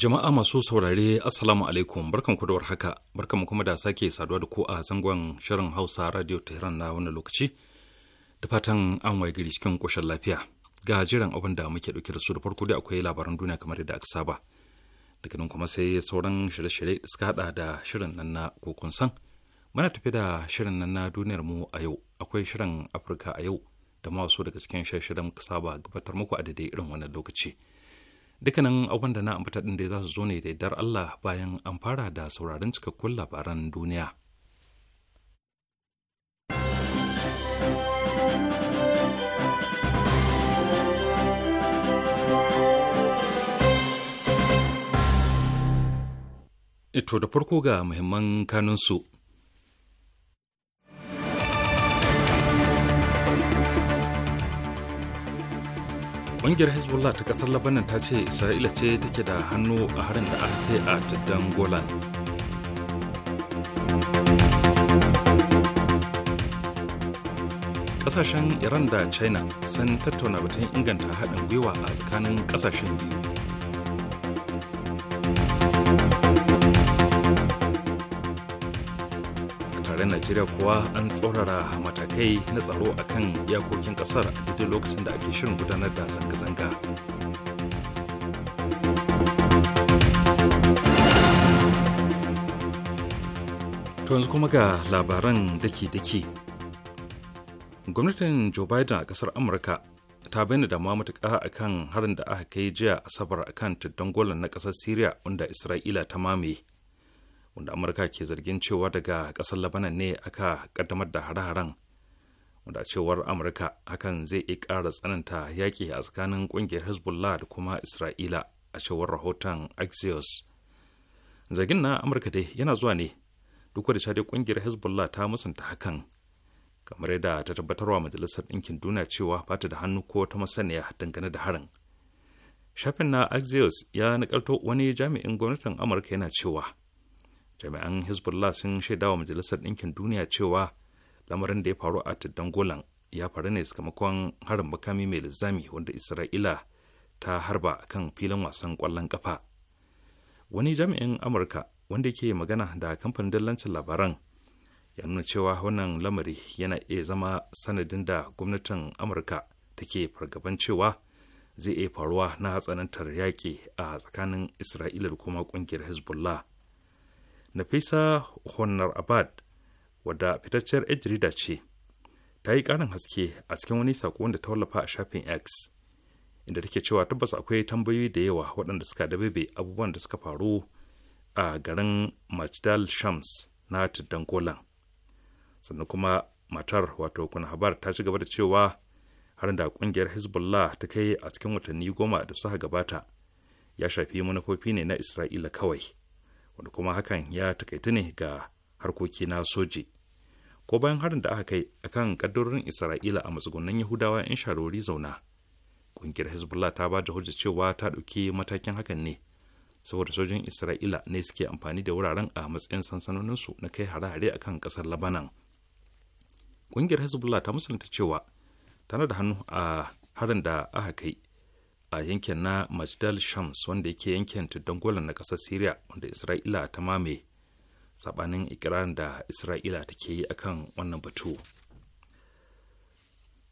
Jama'a masu saurare Assalamu alaikum barkan ku da warhaka barkan kuma da sake saduwa da ku a zangon shirin Hausa Radio Tehran na wannan lokaci da fatan an waye gari cikin koshin lafiya ga jiran abin da muke dauke da su da farko dai akwai labaran duniya kamar yadda aka saba daga nan kuma sai sauran shirye-shirye da suka hada da shirin nan na kokon san muna tafi da shirin nan na duniyar mu a yau akwai shirin Afirka a yau da ma wasu daga cikin shirye-shiryen saba gabatar muku a daidai irin wannan lokaci. dukkanin abin da na ambata din da za su zo ne da dar Allah bayan an fara da sauraron cikakkun labaran duniya. Ito da farko ga muhimman kanunsu. ƙungiyar hezbollah ta ƙasar labanan ta ce isra'ila ce take da hannu a harin da aka kai a tuddan golan ƙasashen iran da china sun tattauna batun inganta haɗin gwiwa a tsakanin ƙasashen biyu najeriya kuwa an tsorara matakai na tsaro a kan iyakokin kasar a duk lokacin da ake shirin gudanar da zanga-zanga to yanzu kuma ga labaran daki-daki gwamnatin joe biden a ƙasar amurka ta bayyana damuwa matuƙa a kan harin da aka kai jiya asabar a kan tuddan golan na ƙasar siriya wanda isra'ila ta mamaye wanda amurka ke zargin cewa daga ƙasar labanan ne aka kaddamar da hare-haren wanda cewar amurka hakan zai iya ƙara tsananta yaƙi a tsakanin ƙungiyar hezbollah da kuma isra'ila a cewar rahoton axios zargin na amurka dai yana zuwa ne duk da dai ƙungiyar hezbollah ta musanta hakan kamar yadda ta tabbatarwa majalisar ɗinkin duniya cewa ba ta da hannu ko ta masaniya dangane da harin shafin na axios ya nakalto wani jami'in gwamnatin amurka yana cewa jami'an hezbollah sun shaidawa majalisar ɗinkin duniya cewa lamarin da ya faru a golan ya faru ne sakamakon harin makami mai lizami wanda isra'ila ta harba a kan filin wasan kwallon ƙafa wani jami'in amurka wanda ke magana da kamfanin dillancin labaran ya nuna cewa wannan lamari yana iya zama sanadin da gwamnatin amurka take fargaban cewa zai iya faruwa na tsanantar yaƙi a tsakanin isra'ila da kuma ƙungiyar hezbollah Nafisa honnar Abad wadda fitacciyar ‘yan jarida ce ta yi ƙarin haske a cikin wani saƙo wanda ta wallafa a shafin X inda take cewa tabbas akwai tambayoyi da yawa waɗanda suka dabebe abubuwan da suka faru a garin Majdal Shams na Tuddan Golan. Sannan kuma matar wato kuna habar ta ci gaba da cewa har da ƙungiyar hezbollah ta kai a cikin watanni goma da suka gabata ya shafi manufofi ne na isra'ila kawai wanda kuma hakan ya takaita ne ga harkoki na soji ko bayan harin da aka kai akan kaddarorin isra'ila a matsugunan yahudawa in sharori zauna ƙungiyar hezbollah ta ba da hujja cewa ta ɗauki matakin hakan ne saboda sojin isra'ila ne suke amfani da wuraren a matsayin sansanoninsu na kai hare-hare akan ƙasar labanan ƙungiyar hezbollah ta musulunta cewa tana da hannu a harin da aka kai a yankin na majdal shams wanda yake yankin tuddan golan na ƙasar syria wanda isra'ila ta mame sabanin ikirarin da isra'ila take yi akan wannan batu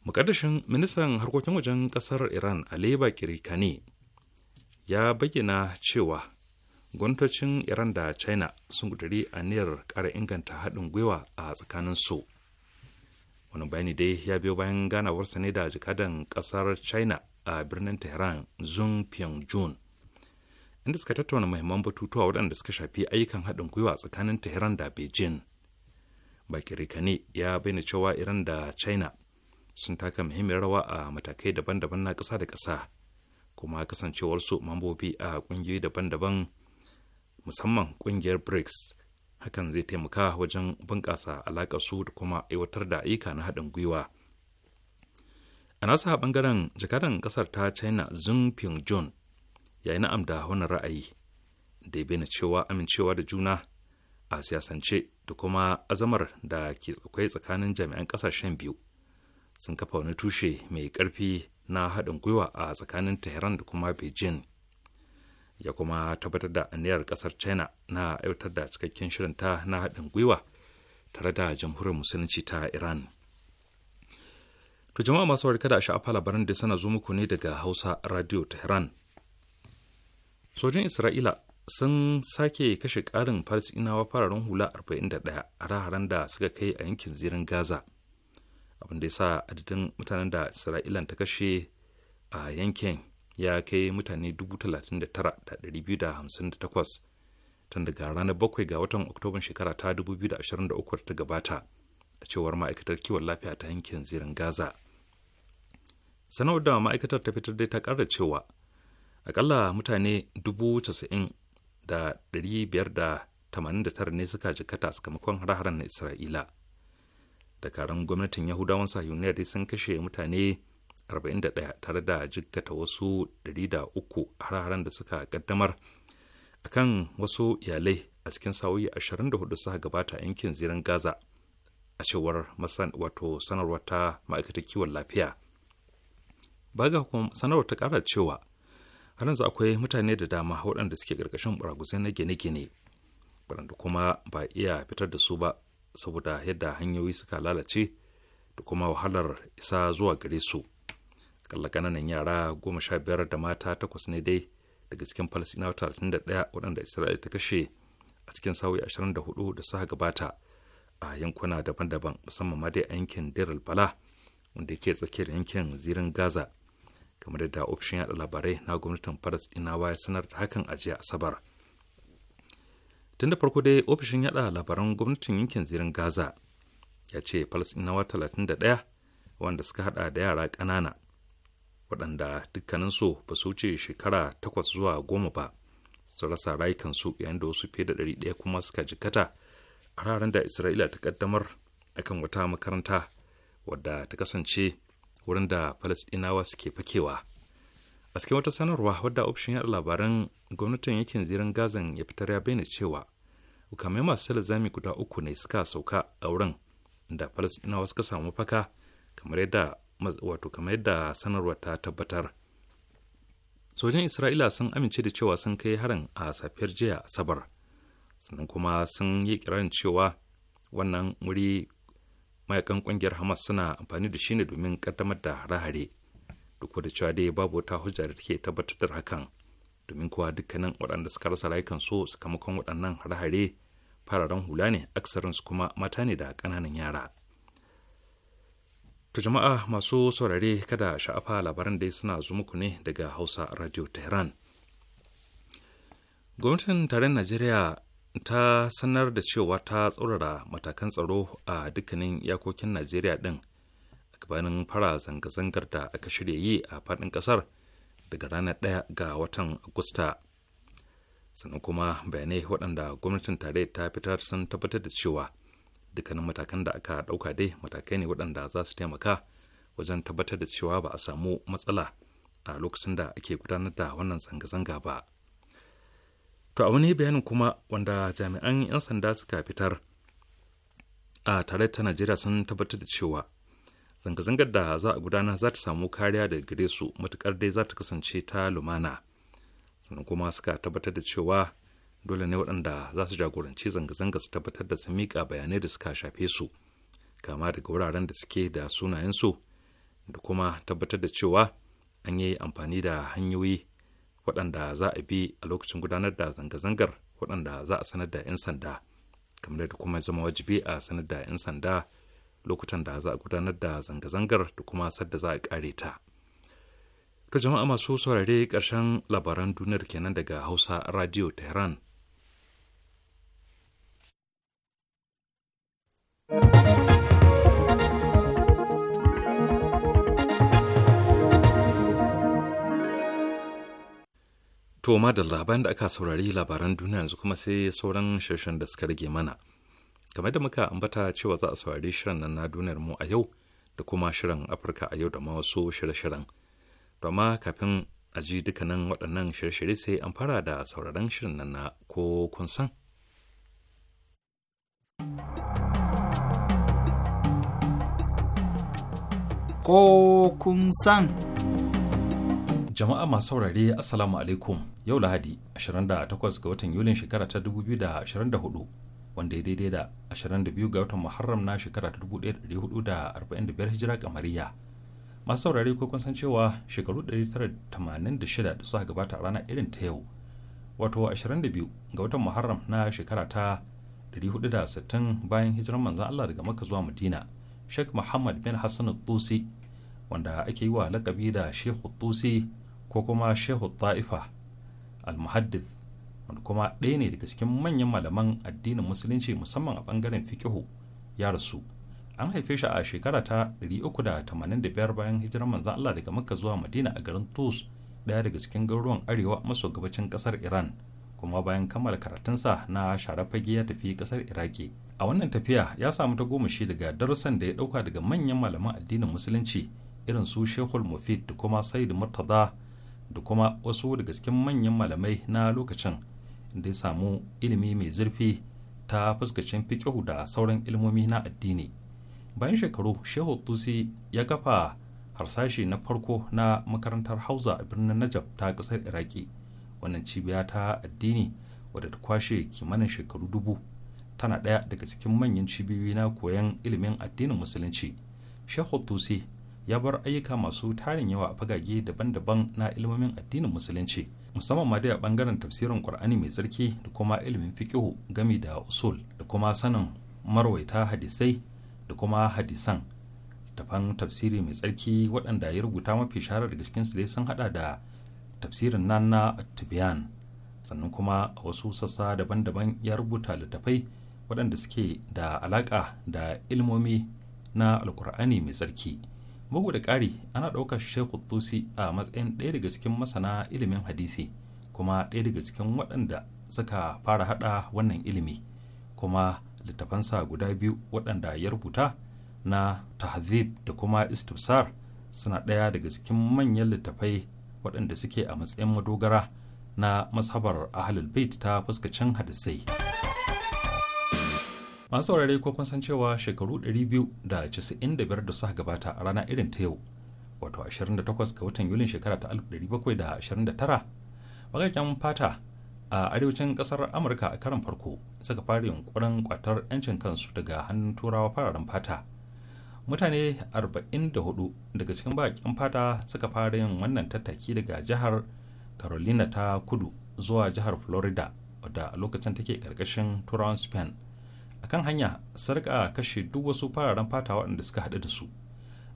mukaddashin ministan harkokin wajen ƙasar iran ali bakiri kane ya bayyana cewa gwamnatocin iran da china sun a niyar kara inganta haɗin gwiwa a tsakanin su wani bayani dai ya biyo bayan ganawarsa ne da jikadan ƙasar china a birnin tehran zun Jun. inda suka tattauna muhimman batutuwa waɗanda suka shafi ayyukan haɗin gwiwa tsakanin tehran da beijing bakirikane ya bayyana cewa iran da china sun taka muhimmiyar rawa a matakai daban-daban na ƙasa da ƙasa kuma kasancewarsu mambobi a ƙungiyoyi daban-daban musamman ƙungiyar brics hakan zai taimaka wajen bunƙasa alaƙar su da kuma aiwatar da ayyuka na haɗin gwiwa a nasa bangaren jakadan ƙasar ta china zeng jun ya yi na'am da wani ra'ayi da ya bayyana cewa amincewa da juna a siyasance da kuma azamar da ke tsakwai tsakanin jami'an ƙasashen biyu sun kafa wani tushe mai ƙarfi na haɗin gwiwa a tsakanin tehran da kuma beijing ya kuma tabbatar da aniyar ƙasar china na aiwatar da cikakken shirinta na haɗin gwiwa tare da jamhuriyar musulunci ta iran To jama'a masu warka da sha'afa labaran da sana zo muku ne daga Hausa Radio Tehran. Sojin Isra'ila sun sake kashe ƙarin Falasɗinawa fararen hula 41 a raharan da suka kai a yankin zirin Gaza. Abin da ya sa adadin mutanen da Isra'ilan ta kashe a yankin ya kai mutane 39,258 tun daga ranar bakwai ga watan Oktoban shekara ta 2023 ta gabata a cewar ma'aikatar kiwon lafiya ta yankin zirin Gaza. sanar da ma'aikatar ta fitar da ta ƙara cewa akalla mutane dubu da ɗari biyar da tamanin da tara ne suka jikata sakamakon hare-haren na isra'ila dakarun gwamnatin yahudawan sahiyuniya dai sun kashe mutane 41 tare da jikata wasu 103 hare-haren da suka kaddamar a kan wasu iyalai a cikin sa'o'i 24 suka gabata yankin zirin gaza a cewar wato sanarwar ta ma'aikatar kiwon lafiya baga kuma sanarwar ta kara cewa har yanzu akwai mutane da dama waɗanda suke ƙarƙashin buraguzai na gine-gine waɗanda kuma ba iya fitar da su ba saboda yadda hanyoyi suka lalace da kuma wahalar isa zuwa gare su kalla ƙananan yara goma sha biyar da mata takwas ne dai daga cikin falasinawa talatin da ɗaya waɗanda isra'ila ta kashe a cikin sa'o'i ashirin da hudu da suka gabata a yankuna daban-daban musamman ma dai a yankin dir bala wanda ke tsakiyar yankin zirin gaza kamar yadda ofishin yada labarai na gwamnatin falasɗinawa ya sanar da hakan a asabar tun da farko dai ofishin yada labaran gwamnatin yankin zirin gaza ya ce falasɗinawa 31 wanda suka hada da yara ƙanana waɗanda dukkaninsu ba su wuce shekara 8 zuwa 10 ba su rasa rayukansu yayin da wasu fiye da 100 kuma suka jikata a ranar da isra'ila ta kaddamar akan wata makaranta wadda ta kasance wurin da falasɗinawa suke fakewa a cikin wata sanarwa wadda ofishin yaɗa labaran gwamnatin yakin zirin gazan ya fitar ya bayyana cewa hukamai masu lazami guda uku ne suka sauka a wurin da falasdinawa suka samu faka kamar yadda wato kamar yadda sanarwar ta tabbatar sojan isra'ila sun amince da cewa sun kai harin a safiyar jiya asabar sannan kuma sun yi kirarin cewa wannan wuri mayakan kungiyar hamas suna amfani da shi ne domin kaddamar da hare-hare duk da cewa dai babu wata hujja da take tabbatar da hakan domin kuwa dukkanin waɗanda suka rasa rayukan su sakamakon waɗannan rahare fararen hula ne aksarin su kuma mata ne da ƙananan yara To jama'a masu saurare kada sha'afa labaran dai suna zo muku ne daga Hausa Radio Tehran. Gwamnatin tarayyar Najeriya ta sanar da cewa ta tsaurara matakan tsaro a dukkanin yakokin najeriya din a gabanin fara zanga-zangar da aka shirya yi a faɗin ƙasar daga ranar 1 ga watan agusta sannan kuma bayanai waɗanda gwamnatin tare ta fitar sun tabbatar da cewa dukkanin matakan da aka ɗauka dai matakai ne waɗanda za su taimaka wajen tabbatar da cewa ba a samu matsala a lokacin da ake gudanar da wannan zanga-zanga ba. to a wani bayanin kuma wanda jami'an 'yan sanda suka fitar a tare ta najeriya sun tabbatar da cewa zanga-zangar da za a gudana za ta samu kariya da gare su matukar dai za ta kasance ta lumana sannan kuma suka tabbatar da cewa dole ne waɗanda za su jagoranci zanga-zanga su tabbatar da sun miƙa bayanai da suka shafe su kama daga wuraren da suke da sunayensu da kuma tabbatar da cewa an yi amfani da hanyoyi waɗanda za a bi a lokacin gudanar da zanga-zangar waɗanda za a sanar da 'yan sanda kamar da kuma zama wajibi a sanar da 'yan sanda lokutan da za a gudanar da zanga-zangar da kuma sadda za a ƙare ta to jama'a masu saurare ƙarshen labaran duniyar kenan daga hausa radio tehran To da labaran da aka saurari labaran duniya yanzu kuma sai sauran shirshen da suka rage mana. Kamar da muka ambata cewa za a saurari shirin nan na duniyar mu a yau da kuma shirin Afirka a yau da ma wasu shirye-shiren. ma kafin a ji dukkanin waɗannan shirye-shirye sai an fara da sauraron shirin nan na ko kun san. Ko kun san. Jama'a masu saurare Assalamu alaikum yau Lahadi 28 ga watan Yulin shekara ta 2024 wanda ya daidai da 22 ga watan Muharram na shekara ta 1445 hijira kamariya. Masu saurare ko kun san cewa shekaru 986 da suka gabata a ranar irin ta yau wato 22 ga watan Muharram na shekara ta 460 bayan hijirar manzan Allah daga Makka zuwa Madina Sheikh Muhammad bin Hassan Tusi wanda ake yi wa lakabi da Sheikh Tusi ko kuma shehu ta'ifa al-muhaddith wanda kuma ɗaya ne daga cikin manyan malaman addinin musulunci musamman a ɓangaren fikihu ya rasu an haife shi a shekara ta 385 bayan hijirar manzon Allah daga makka zuwa madina a garin tus ɗaya daga cikin garuruwan arewa maso gabacin ƙasar iran kuma bayan kammala karatun sa na sharafage ya tafi ƙasar iraki a wannan tafiya ya samu ta daga darussan da ya ɗauka daga manyan malaman addinin musulunci irin su shehul mufid da kuma said murtaza da kuma wasu daga cikin manyan malamai na lokacin da ya samu ilimi mai zurfi ta fuskacin fikihu da sauran ilmomi na addini bayan shekaru shehu tusi ya kafa harsashi na farko na makarantar hausa a birnin najab ta ƙasar iraki wannan cibiya ta addini wadda ta kwashe kimanin shekaru dubu tana ɗaya daga cikin manyan cibiyoyi na koyon ilimin addinin musulunci shehu tusi ya bar ayyuka masu tarin yawa a fagage daban-daban na ilmomin addinin musulunci musamman ma dai a bangaren tafsirin qur'ani mai tsarki da kuma ilimin fiqihu gami da usul da kuma sanin marwaita hadisai da kuma hadisan tafan tafsiri mai tsarki waɗanda ya rubuta mafi shahara daga cikin dai sun hada da tafsirin nan na tibiyan sannan kuma a wasu sassa daban-daban ya rubuta littafai waɗanda suke da alaƙa da ilmomi na alkur'ani mai tsarki bugu da ƙari ana ɗaukar shehu tusi a matsayin ɗaya daga cikin masana ilimin hadisi kuma ɗaya daga cikin waɗanda suka fara haɗa wannan ilimi kuma littafansa guda biyu waɗanda ya rubuta na tahzib da kuma istifsar suna ɗaya daga cikin manyan littafai waɗanda suke a matsayin madogara na masabar ahlul bait ta fuskacin hadisai. masu saurare ko kun san cewa shekaru 295 da suka gabata a rana irin ta yau wato 28 ga watan yulin shekara ta 1729 fata a arewacin kasar amurka a karan farko suka fara yunkurin kwatar 'yancin kansu daga hannun turawa fararen fata mutane 44 daga cikin bakin fata suka fara yin wannan tattaki daga jihar carolina ta kudu zuwa jihar florida wadda a lokacin take karkashin turawan spain kan hanya sarka kashe duk wasu fararen fata waɗanda suka haɗu da su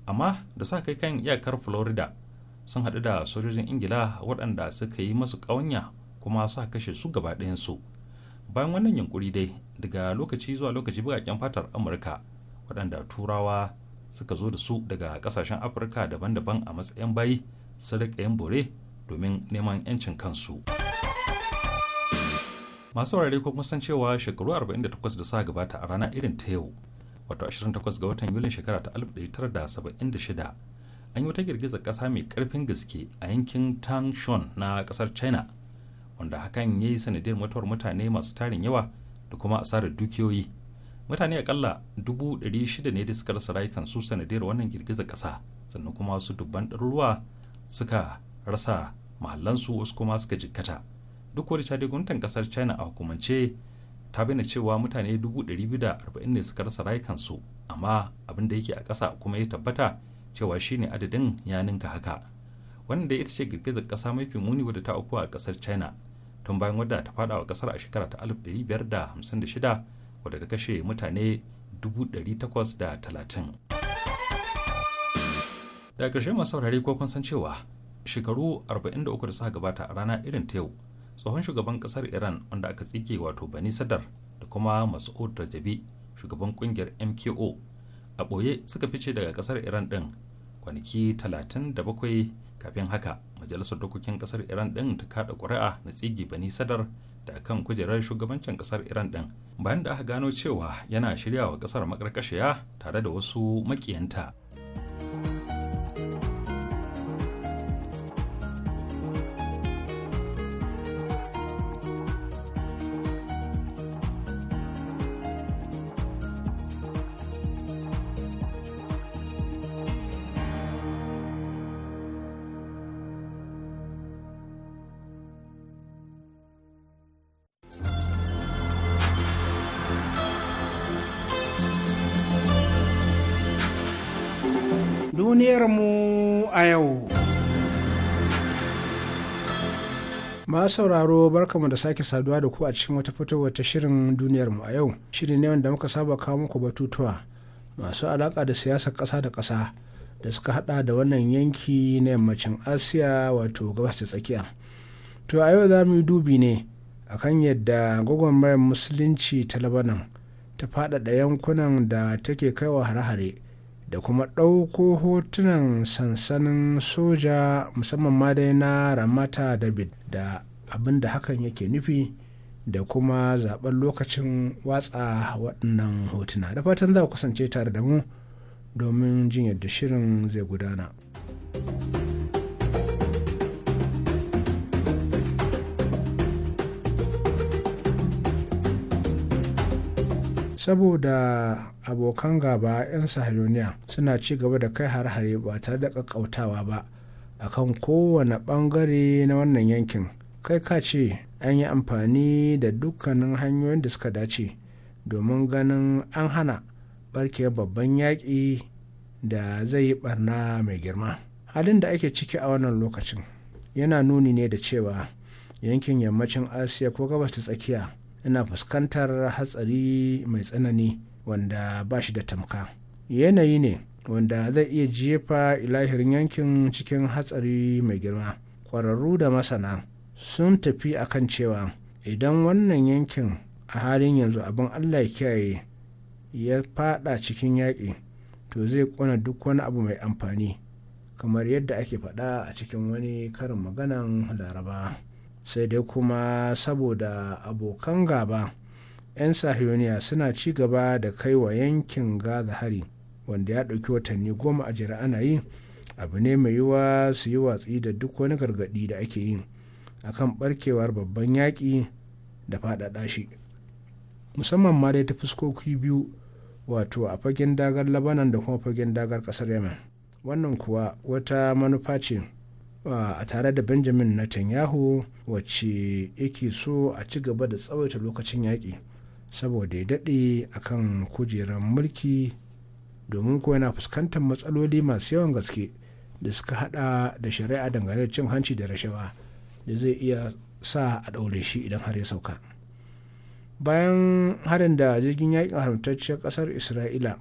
amma da sa kai kan iyakar florida sun haɗu da sojojin ingila waɗanda suka yi masu ƙawanya kuma suka kashe su gaba su bayan wannan yunkuri dai daga lokaci zuwa lokaci bugaƙen fatar amurka waɗanda turawa suka zo da su daga ƙasashen afirka daban-daban a matsayin bayi su bore domin neman 'yancin kansu. masu wurare ko kuma san cewa shekaru 48 da suka gabata a rana irin ta yau wato 28 ga watan yulin shekara ta 1976 an yi wata girgiza kasa mai karfin gaske a yankin tangshon na kasar china wanda hakan ya yi sanadiyar mutuwar mutane masu tarin yawa da kuma asarar dukiyoyi mutane akalla 600 ne da suka rasa rayukansu sanadiyar wannan girgizar kasa sannan kuma wasu dubban ɗaruruwa suka rasa mahallansu wasu kuma suka jikkata duk wani cadi gwamnatin kasar china a hukumance ta bayyana cewa mutane 240 ne suka rasa rayukansu amma abin da yake a kasa kuma ya tabbata cewa shine adadin ya ninka haka wannan da ita ce girgizar ƙasa mafi muni wadda ta auku a kasar china tun bayan wadda ta fada wa kasar a shekara ta 1556 wadda ta kashe mutane 830 daga ƙarshe masu saurare ko kun san cewa shekaru 43 da suka gabata a rana irin ta yau tsohon shugaban kasar iran wanda aka tsige wato bani sadar da kuma mas'ud rajabi shugaban kungiyar mko a ɓoye suka fice daga kasar iran din kwanaki 37 kafin haka majalisar dokokin kasar iran ɗin ta kada ƙuri'a na tsige bani sadar da kan kujerar shugabancin kasar iran din bayan da aka gano cewa yana shirya wa kasar makarkashiya tare da wasu makiyanta. sauraro barkamu da sake saduwa da ku a cikin wata fitowar ta shirin duniyarmu a yau shirin ne wanda muka saba kawo muku batutuwa masu alaka da siyasar kasa da kasa da suka hada da wannan yanki na yammacin asiya wato gabas ta tsakiya to a yau za mu yi dubi ne akan yadda gwagwarmayar musulunci ta labanan ta faɗaɗa yankunan da take kaiwa hare-hare da kuma ɗauko hotunan sansanin soja musamman ma dai na ramata david da abin da hakan yake nufi da kuma zaben lokacin watsa waɗannan hotuna da fatan za ku kasance tare da mu domin jin yadda shirin zai gudana. saboda abokan gaba 'yan sahiloniya suna ci gaba da kai har-hare ba tare da kakkautawa ba akan kowane bangare na wannan yankin kai ka ce an yi amfani da dukkanin hanyoyin da suka dace domin ganin an hana barke babban yaƙi da zai yi barna mai girma halin da ake ciki a wannan lokacin yana nuni ne da cewa yankin yammacin asiya ko gabas ta tsakiya yana fuskantar hatsari mai tsanani wanda ba shi da tamka yanayi ne wanda zai iya jefa ilahirin yankin cikin hatsari mai girma ƙwararru da masana sun tafi a kan cewa idan wannan yankin a halin yanzu abin allah kiyaye ya fada cikin yaƙi to zai kona duk wani abu mai amfani kamar yadda ake faɗa a cikin wani karin maganan laraba sai dai kuma saboda abokan gaba 'yan sahiyoniya suna ci gaba da kai wa yankin gaza hari wanda ya ɗauki watanni goma a jira ana yi abu ne mai yiwa su yi watsi da duk wani gargaɗi da ake yi akan barkewar babban yaƙi da faɗaɗa shi musamman ma dai ta fuskoki biyu wato a fagen dagar labanan da kuma fagen dagar ƙasar yemen wannan kuwa wata manufa ce a tare da benjamin netanyahu wacce yake so a ci gaba da tsawaita lokacin yaƙi saboda ya daɗe akan kujerar mulki domin kuwa yana fuskantar matsaloli masu yawan gaske da suka hada da shari'a dangane da cin hanci da rashawa da zai iya sa a ɗaure shi idan har ya sauka bayan harin da jirgin yakin haramtacciyar ƙasar isra'ila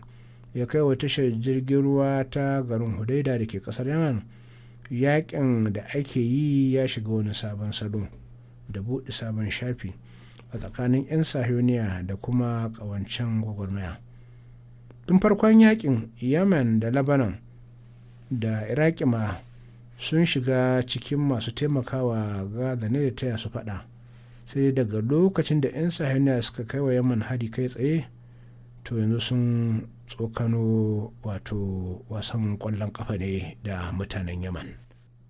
ya kai wa tashar jirgin ruwa ta garin hudaida da ke ƙasar yaman yakin da ake yi ya shiga wani sabon salo da buɗe sabon shafi a tsakanin 'yan sahiyoniya da kuma ƙawancen gwagwarmaya tun farkon yakin yemen da lebanon da iraki ma sun shiga cikin masu taimakawa gaza ne da taya su faɗa sai daga lokacin da 'yan sahiyoniya suka kai wa yaman hari kai tsaye to yanzu sun tsokano wato wasan ƙwallon ƙafa ne da mutanen yaman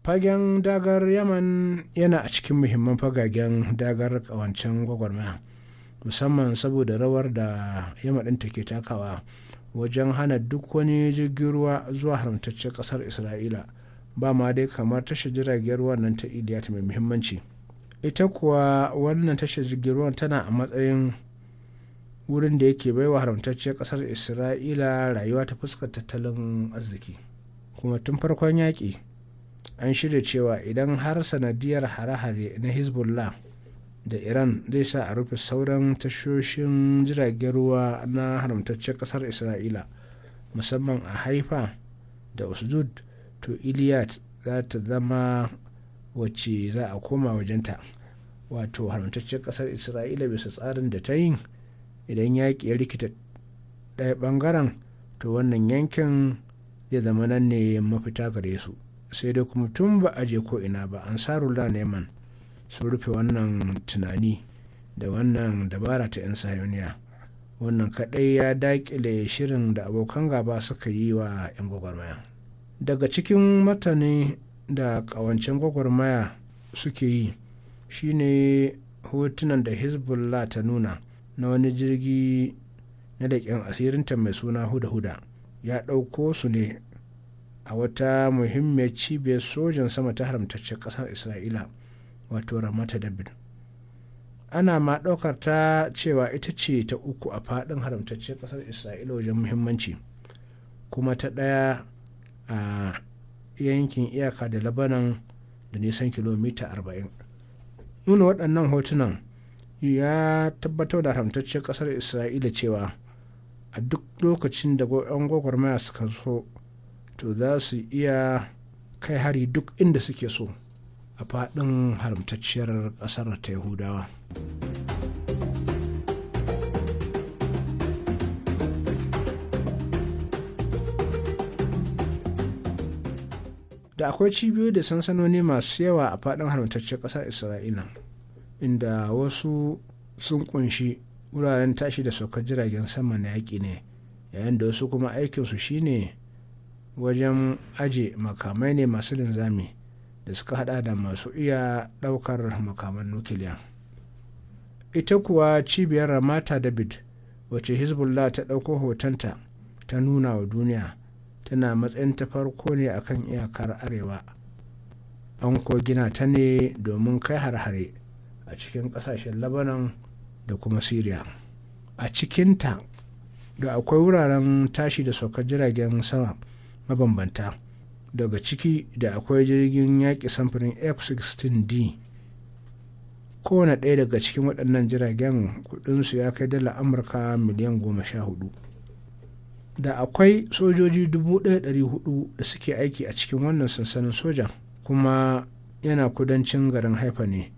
fagen dagar yaman yana a cikin muhimman fagagen dagar ƙawancen gwagwarmaya musamman saboda rawar da yamma ɗin take takawa wajen hana duk wani jirgin ruwa zuwa haramtaccen ƙasar isra'ila ba ma dai kamar tashar jiragen ruwan nan ta ta mai muhimmanci ita kuwa wannan tashar jirgin ruwan tana a matsayin wurin da yake baiwa haramtacciyar kasar isra'ila rayuwa ta fuskar tattalin arziki kuma tun farkon yaƙi an shirya cewa idan har sanadiyar hare-hare na hezbollah da iran zai sa a rufe sauran tashoshin jiragen ruwa na haramtacciyar kasar isra'ila musamman a haifa da usdud to iliad za ta zama wacce za a koma wajenta wato haramtaccen kasar isra'ila bisa tsarin da ta yi idan yaƙi ya rikita ɗaya ɓangaren to wannan yankin zai zama nan ne mafita gare su sai dai kuma tun ba a je ko ina ba an sa sarula neman sun rufe wannan tunani da wannan dabara ta 'yan sayoniya wannan kaɗai ya daƙile shirin da abokan gaba suka yi wa 'yan gwagwarmaya daga cikin matane da ƙawancen gwagwarmaya suke yi shine hotunan da hezbollah ta nuna na wani jirgi na daƙin asirinta mai suna huda-huda ya ɗauko su ne a wata muhimmiyar cibiyar sojan sama ta haramtacce ƙasar isra'ila wato ramata david ana ma ɗaukar ta cewa ita ce ta uku a faɗin haramtacce ƙasar isra'ila wajen muhimmanci kuma ta ɗaya a yankin iyaka da labanan da nisan kilomita 40 nuna waɗannan hotunan ya tabbatar da haramtacciyar ƙasar isra'ila cewa a duk lokacin da 'yan gwagwarmaya suka so to za su iya kai hari duk inda suke so a faɗin haramtacciyar ƙasar ta yahudawa. da akwai cibiyoyi da sansanoni masu yawa a faɗin haramtaccen ƙasar isra'ila inda wasu sun kunshi wuraren tashi da saukar jiragen sama na yaƙi ne yayin da wasu kuma aikinsu shine wajen aje makamai ne masu linzami da suka hada da masu iya ɗaukar makaman nukiliya ita kuwa cibiyar ramata david wacce hezbollah ta ɗauko hotonta ta nuna wa duniya tana matsayin ta farko ne a kan iyakar arewa an ko gina ta ne domin kai har-hare a cikin ƙasashen labanan da kuma syria a cikinta da akwai wuraren tashi da saukar jiragen sama mabambanta daga ciki da akwai jirgin yaƙi samfurin f-16d kowane ɗaya daga cikin waɗannan jiragen kudinsu ya kai dala amurka miliyan goma sha hudu da akwai sojoji dubu 1,400 da suke aiki a cikin wannan sansanin sojan kuma yana kudancin garin haifa ne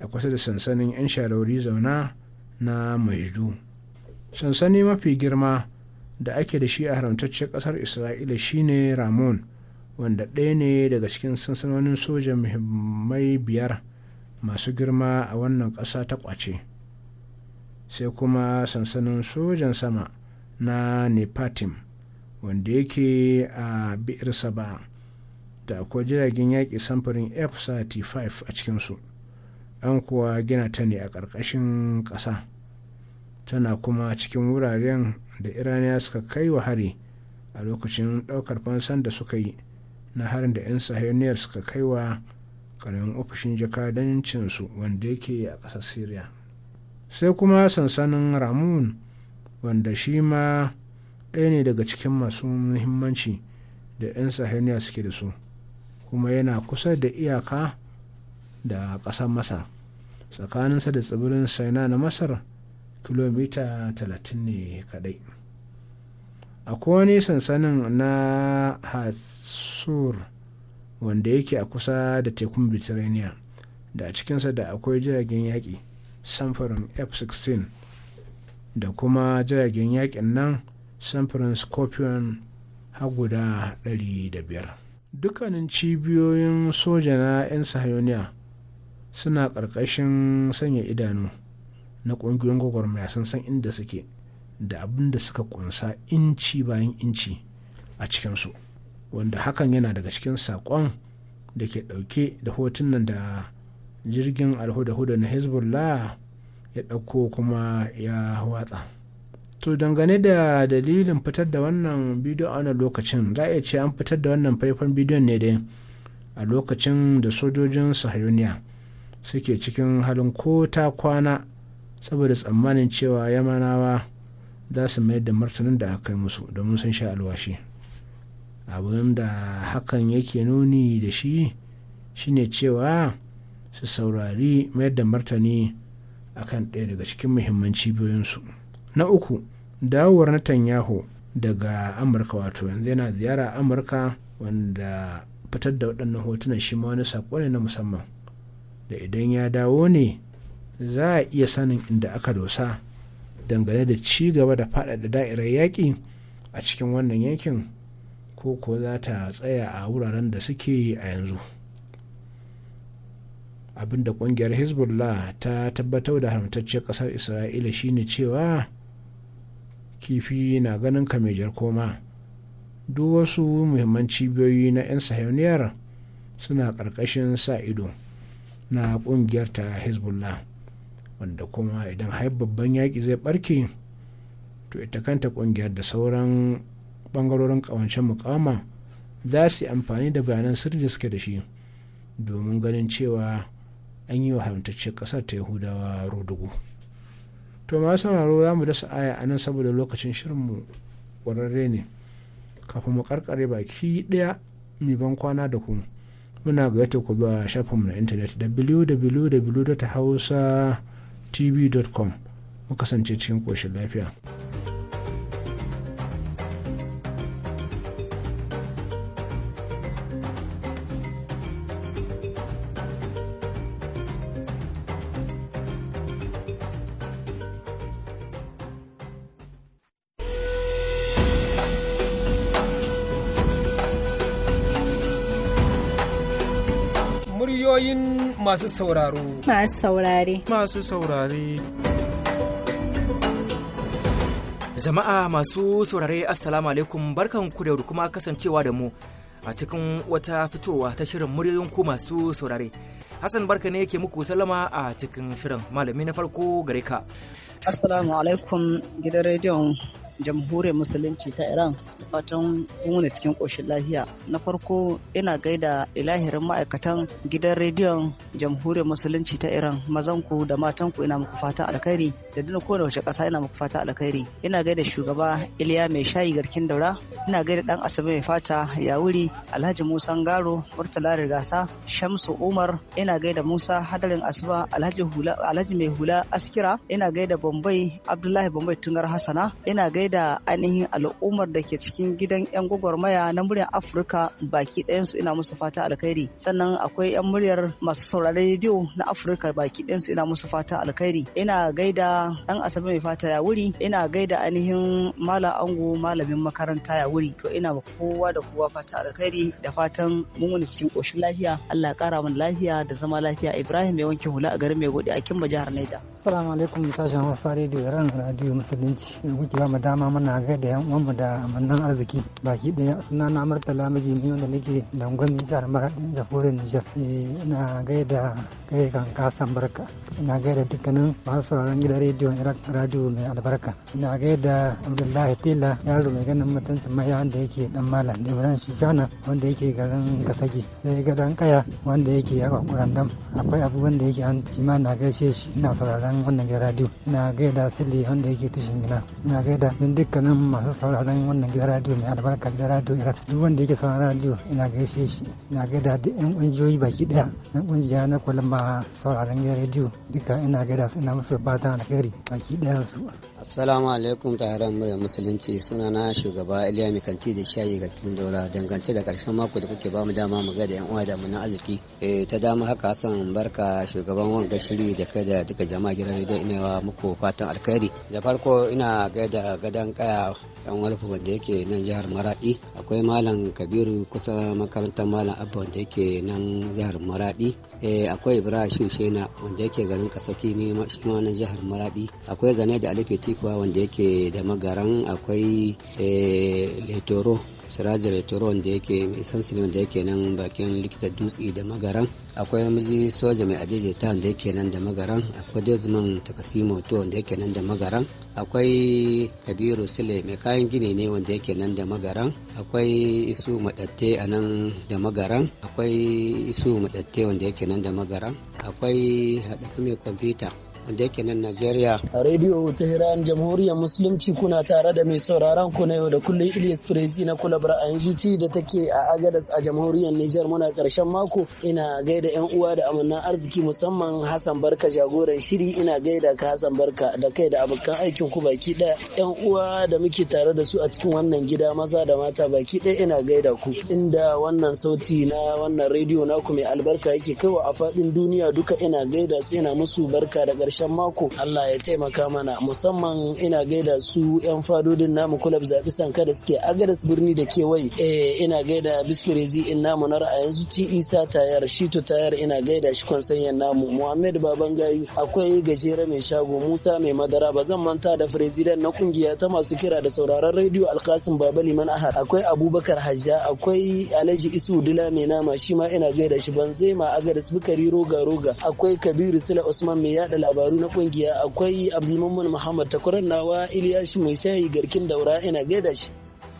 a kusa da sansanin 'yan sharauri zauna na maidu sansani mafi girma da ake da shi a haramtaccen ƙasar isra'ila shine ramon wanda ɗaya ne daga cikin sansanonin soja muhimmai biyar masu girma a wannan ƙasa ta ƙwace sai kuma sansanin sojan sama na nepatim wanda yake a bi'ir saba da akwai jiragen yaƙi samfurin f-35 a cikinsu an kuwa gina ta ne a ƙarƙashin ƙasa tana kuma cikin wuraren da iraniya suka kai wa hari a lokacin ɗaukar fansan da suka yi na harin da 'yan sahaniyar suka kai wa ƙaramin ofishin jakadancinsu wanda yake a ƙasar syria sai kuma sansanin ramun wanda shi ma ɗaya ne daga cikin masu muhimmanci da 'yan sahiniya suke da su kuma yana kusa da iyaka da ƙasar masar tsakaninsa da tsibirin saina na masar kilomita 30 ne kadai akwai wani sansanin na hatsur wanda yake a kusa da tekun mediterranean da a cikinsa da akwai jiragen yaƙi samfurin f-16 da kuma jiragen yakin nan samfurin scorpion har guda 500 dukkanin cibiyoyin soja na 'yan sahayoniya suna ƙarƙashin sanya idanu na ƙungiyoyin gwagwarmaya sun san inda suke da abin da suka kunsa inci bayan inci a cikinsu wanda hakan yana daga cikin saƙon da ke ɗauke da hotunan da jirgin alhuda-huda na hezbollah ya ɗauko kuma ya watsa to dangane da dalilin fitar da wannan bidiyon a wannan lokacin za a iya ce an fitar da wannan faifan bidiyon ne dai a lokacin da sojojin sahariya suke cikin halin ko ta kwana saboda tsammanin cewa yamanawa za su mayar da martanin da aka yi musu domin sun sha alwashi abin da hakan yake nuni da shi shine cewa su saurari mayar da martani a kan ɗaya daga cikin muhimman cibiyoyinsu na uku dawowar netanyahu daga amurka wato yanzu yana ziyara amurka wanda fitar da waɗannan hotunan shi ma wani saƙo ne na musamman da idan ya dawo ne za a iya sanin inda aka dosa dangane da ci gaba da faɗaɗa da'irar yaƙi a cikin wannan yankin ko kuwa za ta tsaya a wuraren da suke a yanzu. abinda kungiyar hezbollah ta tabbatar da haramtacciyar kasar isra'ila shine cewa kifi na ganin kamejar koma duk wasu muhimman cibiyoyi na 'yan sahiyoniyar suna ƙarƙashin sa ido na ƙungiyar ta hezbollah wanda kuma idan har babban yaƙi zai ɓarke to ita kanta ƙungiyar da sauran ɓangarorin ƙawancen mukama za su yi amfani da bayanan sirri da suke da shi domin ganin cewa an yi wa hamtacce ƙasar ta yahudawa rudugu to ma sauraro za mu dasa aya a nan saboda lokacin shirinmu ƙwararre ne kafin mu karkare baki daya mai ban kwana da ku. muna gayyata ku zuwa shafinmu na intanet www.hausatv.com mu kasance cikin ƙoshin lafiya. ra'ayoyin masu sauraro. Masu saurare. Masu saurare. Jama'a masu saurare Assalamu alaikum barkan ku da kuma kasancewa da mu a cikin wata fitowa ta shirin muryoyin ku masu saurare. Hassan barka ne yake muku salama a cikin shirin malami na farko gare ka. Assalamu alaikum gidan rediyon jamhuriyar musulunci ta iran fatan wani cikin ƙoshin lafiya na farko ina gaida ilahirin ma'aikatan gidan rediyon jamhuriyar musulunci ta iran mazanku da matanku ina muku fata alkhairi da duna kowane wace ƙasa ina muku fata alkhairi ina gaida shugaba iliya mai shayi garkin daura ina gaida dan asabe mai fata yawuri alhaji musa ngaro murtala rigasa shamsu umar ina gaida musa hadarin asuba alhaji hula alhaji mai hula askira ina gaida bombay abdullahi bombay tunar, hasana ina gaida da ainihin al'ummar da ke cikin gidan 'yan gwagwarmaya na muryar Afirka baki ɗayansu ina musu fata alkhairi. Sannan akwai 'yan muryar masu saurare rediyo na Afirka baki ɗayansu ina musu fata alkhairi. Ina gaida ɗan asabe mai fata ya wuri, ina gaida ainihin malam ango malamin makaranta ya wuri. To ina ma kowa da kowa fata alkhairi da fatan mun wani cikin ƙoshin lafiya. Allah ƙara mana lafiya da zama lafiya. Ibrahim ya wanke hula a garin mai gode a Kimba jihar Neja. Assalamu alaikum sashen Hausa Radio Ran Radio Musulunci. Kuke ba mu dama mana gai da yan uwanmu da amannan arziki baki ɗaya suna na murtala mijini wanda nake dangwami jihar ɗin jamhuriyar nijar eh, ina gai da kai kan kasan barka ina gai da dukkanin masu sauraron gidan rediyon iraq radio mai albarka ina gaida da abdullahi tela yaro mai ganin mutuncin maya wanda yake dan malam da ibrahim shikana wanda yake garin kasagi sai gadon kaya wanda yake ya kwakwaran dam akwai abubuwan da yake an cima na gaishe shi ina sauraron wannan gidan radio ina gai da sili wanda yake tushen gina ina gai da don dukkanin masu sauraron wannan gidan radio mai albarka da radio iraq duk wanda yake sauraron radio ina gaishe shi ina gaida da yan kungiyoyi baki daya na kungiya na kwalama sauraron gidan radio duka ina gaida su ina musu fata alheri baki daya su assalamu alaikum taron murya musulunci suna na shugaba iliya kanti da shayi garkin daura dangance da karshen mako da kuke bamu dama mu ga da yan uwa da mu na arziki eh, ta dama haka san barka shugaban wanga shiri da kai da duka jama'a gidan radio ina muku fatan alheri da farko ina gaida gada gidan kaya dan walfu wanda yake nan jihar maradi akwai malam kabiru kusa makarantar malam abba wanda yake nan jihar maradi eh, akwai ibrahim shena wanda yake garin kasaki ne shi ma nan jihar maradi akwai zane da alifi tikuwa wanda yake da magaran akwai eh, letoro siraji retoro wanda yake sinima wanda yake nan bakin likita dutse da magaran akwai miji soja mai ta wanda yake nan da magaran akwai dozman takasimo to wanda yake nan da magaran akwai kabiru sile mai kayan gini ne wanda yake nan da magaran akwai isu madatte a nan da magaran akwai isu madatte wanda yake nan da magaran akwai haɗaɗa mai kwamfuta wanda yake nan Najeriya. A rediyo ta hiran Jamhuriyar Musulunci kuna tare da mai sauraron ku na yau da kullum Ilyas Firezi na kulabar NGT da take a Agadas a Jamhuriyar Nijar muna karshen mako ina gaida yan uwa da amannan arziki musamman Hassan Barka jagoran shiri ina gaida ka Hassan Barka da kai da abokan aikin ku baki ɗaya yan uwa da muke tare da su a cikin wannan gida maza da mata baki ɗaya ina gaida ku inda wannan sauti na wannan rediyo naku mai albarka yake kaiwa a faɗin duniya duka ina gaida su ina musu barka da ƙarshen ƙarshen mako Allah ya taimaka mana musamman ina gaida su 'yan fadodin namu kulab zaɓi sanka da suke agadas birni da kewaye eh ina gaida bisfirezi in namu na ra'ayin zuci isa tayar shito tayar ina gaida shi sanyan namu muhammed baban gayu akwai gajere mai shago musa mai madara ba zan manta da firezidan na kungiya ta masu kira da sauraron rediyo alkasim baba liman ahad akwai abubakar hajja akwai alhaji isu dila mai nama shi ma ina gaida shi Ban zai ma agadas bukari roga roga akwai kabiru sila usman mai yada labarai dabaru na kungiya akwai abdulmamman Muhammad Takwaran Nawa Iliyashi Musayi Garkin Daura ina gaida shi.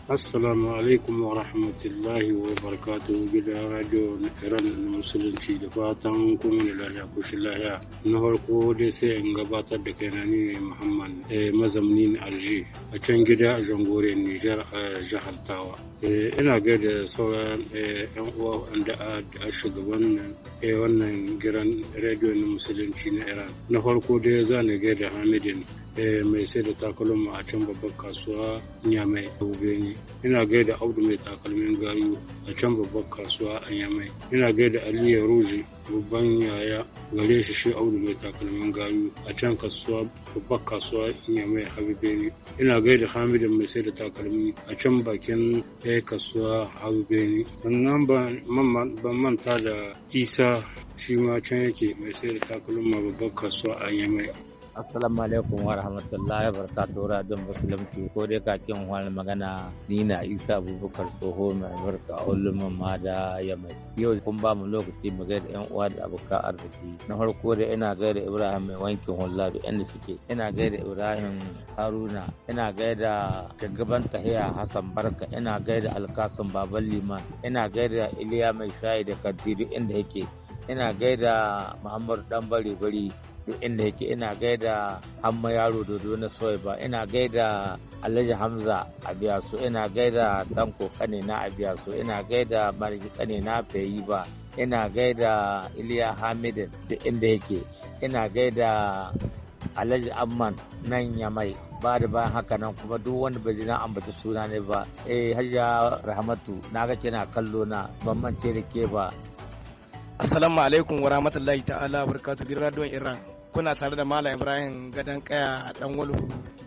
assalamu alaikum wa rahmatullahi wa barakatu gida radio na iran na musulunci da fatan kuma da lahiya kushin lahiya na farko dai sai in gabatar da kaina ni ne muhammad eh, mazamnin alji a can gida a jangore nijar a jihar tawa eh, ina gaida sauran eh, yan uwa wanda a shugaban wannan giran radio na musulunci na iran na farko dai zane gaida hamidin Eh, mai sai da takalma a can babban kasuwa nyamai ubeni ina gaida audu mai takalmin gayu a can babban kasuwa a nyamai ina gaida aliyu ruji babban yaya gare shi shi audu mai takalmin gayu a can kasuwa babban kasuwa nyamai habibeni ina gaida hamidu mai sai da takalmi a can bakin ɗaya kasuwa habibeni sannan ban manta da isa shi ma can yake mai sai da takalma babban kasuwa a nyamai assalamu alaikum wa rahmatullahi barka ra don musulunci ko dai kakin wani magana ni na isa abubakar soho mai barka ulumin ma da yamai yau kun ba mu lokaci mu gaida yan uwa da abuka arziki na farko da ina gaida ibrahim mai wankin hulla da yan suke ina gaida ibrahim haruna ina gaida gaggaban tahiya hassan barka ina gaida alkasun baban liman ina gaida iliya mai shayi da kadiri inda yake ina gaida muhammadu dan bari bari inda yake ina gaida hamma yaro dodo na soyi ba ina gaida alhaji hamza a biya su ina gaida tanko kane na a biya su ina gaida marji kane na fayi ba ina gaida iliya hamidin duk inda yake ina gaida alhaji amman nan ya mai ba da bayan haka nan kuma duk wanda bai na ambaci suna ne ba eh hajja rahmatu na ga kina kallo na ban mance da ke ba assalamu alaikum wa rahmatullahi ta'ala barakatuh gidan radon iran kuna tare da Malam Ibrahim gadon Kaya Dan Walu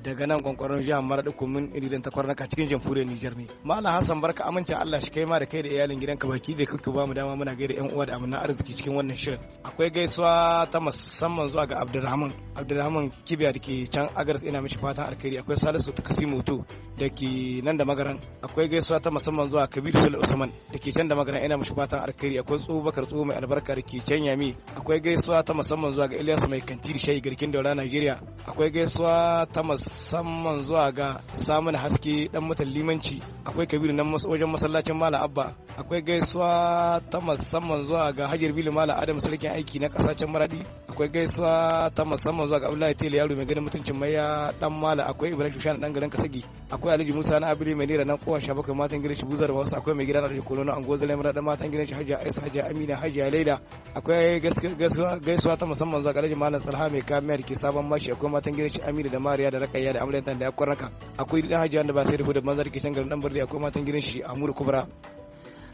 daga nan kwankwaron jihar Maradi kumin irin takwar naka cikin jamhuriyar Nijar ne. Malam Hassan barka amincin Allah shi kai ma da kai da iyalin gidanka baki da kuka ba mu dama muna gaida yan uwa da amana arziki cikin wannan shirin. Akwai gaisuwa ta musamman zuwa ga Abdulrahman Abdulrahman Kibiya da ke can agars ina mishi fatan alkhairi akwai Salisu ta Kasimu to da ke nan da magaran akwai gaisuwa ta musamman zuwa Kabiru Sule Usman da ke can da magaran ina mishi fatan alkhairi akwai Tsohu Bakar Tsohu mai albarka da ke can Yami akwai gaisuwa ta musamman zuwa ga Ilyas mai kan kantir shayi garkin daura Najeriya. Akwai gaisuwa ta musamman zuwa ga samun haske dan mutan limanci. Akwai kabiru nan wajen masallacin Mala Abba. Akwai gaisuwa ta musamman zuwa ga Hajar Bilu Mala Adam sarkin aiki na kasashen Maradi. Akwai gaisuwa ta musamman zuwa ga Abdullahi Tele yaro mai ganin mutuncin maiya dan Mala. Akwai Ibrahim Shushan dan garin Kasagi. Akwai Aliji Musa na Abiri mai nera nan kowa sha matan gidan shi buzar wasu akwai mai gidan Alhaji Kolo na Angola Zalai dan matan gidan shi Hajja Aisha Hajja Amina Hajja Laila. Akwai gaisuwa ta musamman zuwa ga Alhaji Malam salha mai kamiya da ke sabon mashi akwai matan shi aminu da mariya da rakayya da amuryanta da ya kwarraka akwai dan hajiya da ba sai rubuta banzar ke shan garin dan birni akwai matan gidanci amuru kubra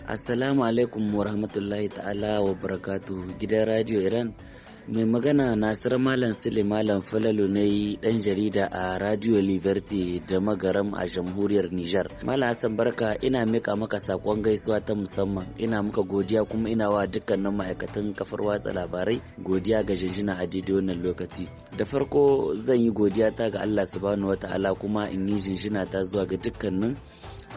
assalamu alaikum wa rahmatullahi ta'ala wa barakatuhu gidan radio iran mai magana nasir malam sule malam falalu na yi dan jarida a radio liberty da magaram a jamhuriyar niger malam hassan barka ina mika maka sakon gaisuwa ta musamman ina maka godiya kuma ina wa dukkanin ma'aikatan kafar watsa labarai godiya ga jinjina a wannan lokaci da farko zan yi godiya ta ga allah subhanahu wataala kuma in yi jinjina ta zuwa ga dukkanin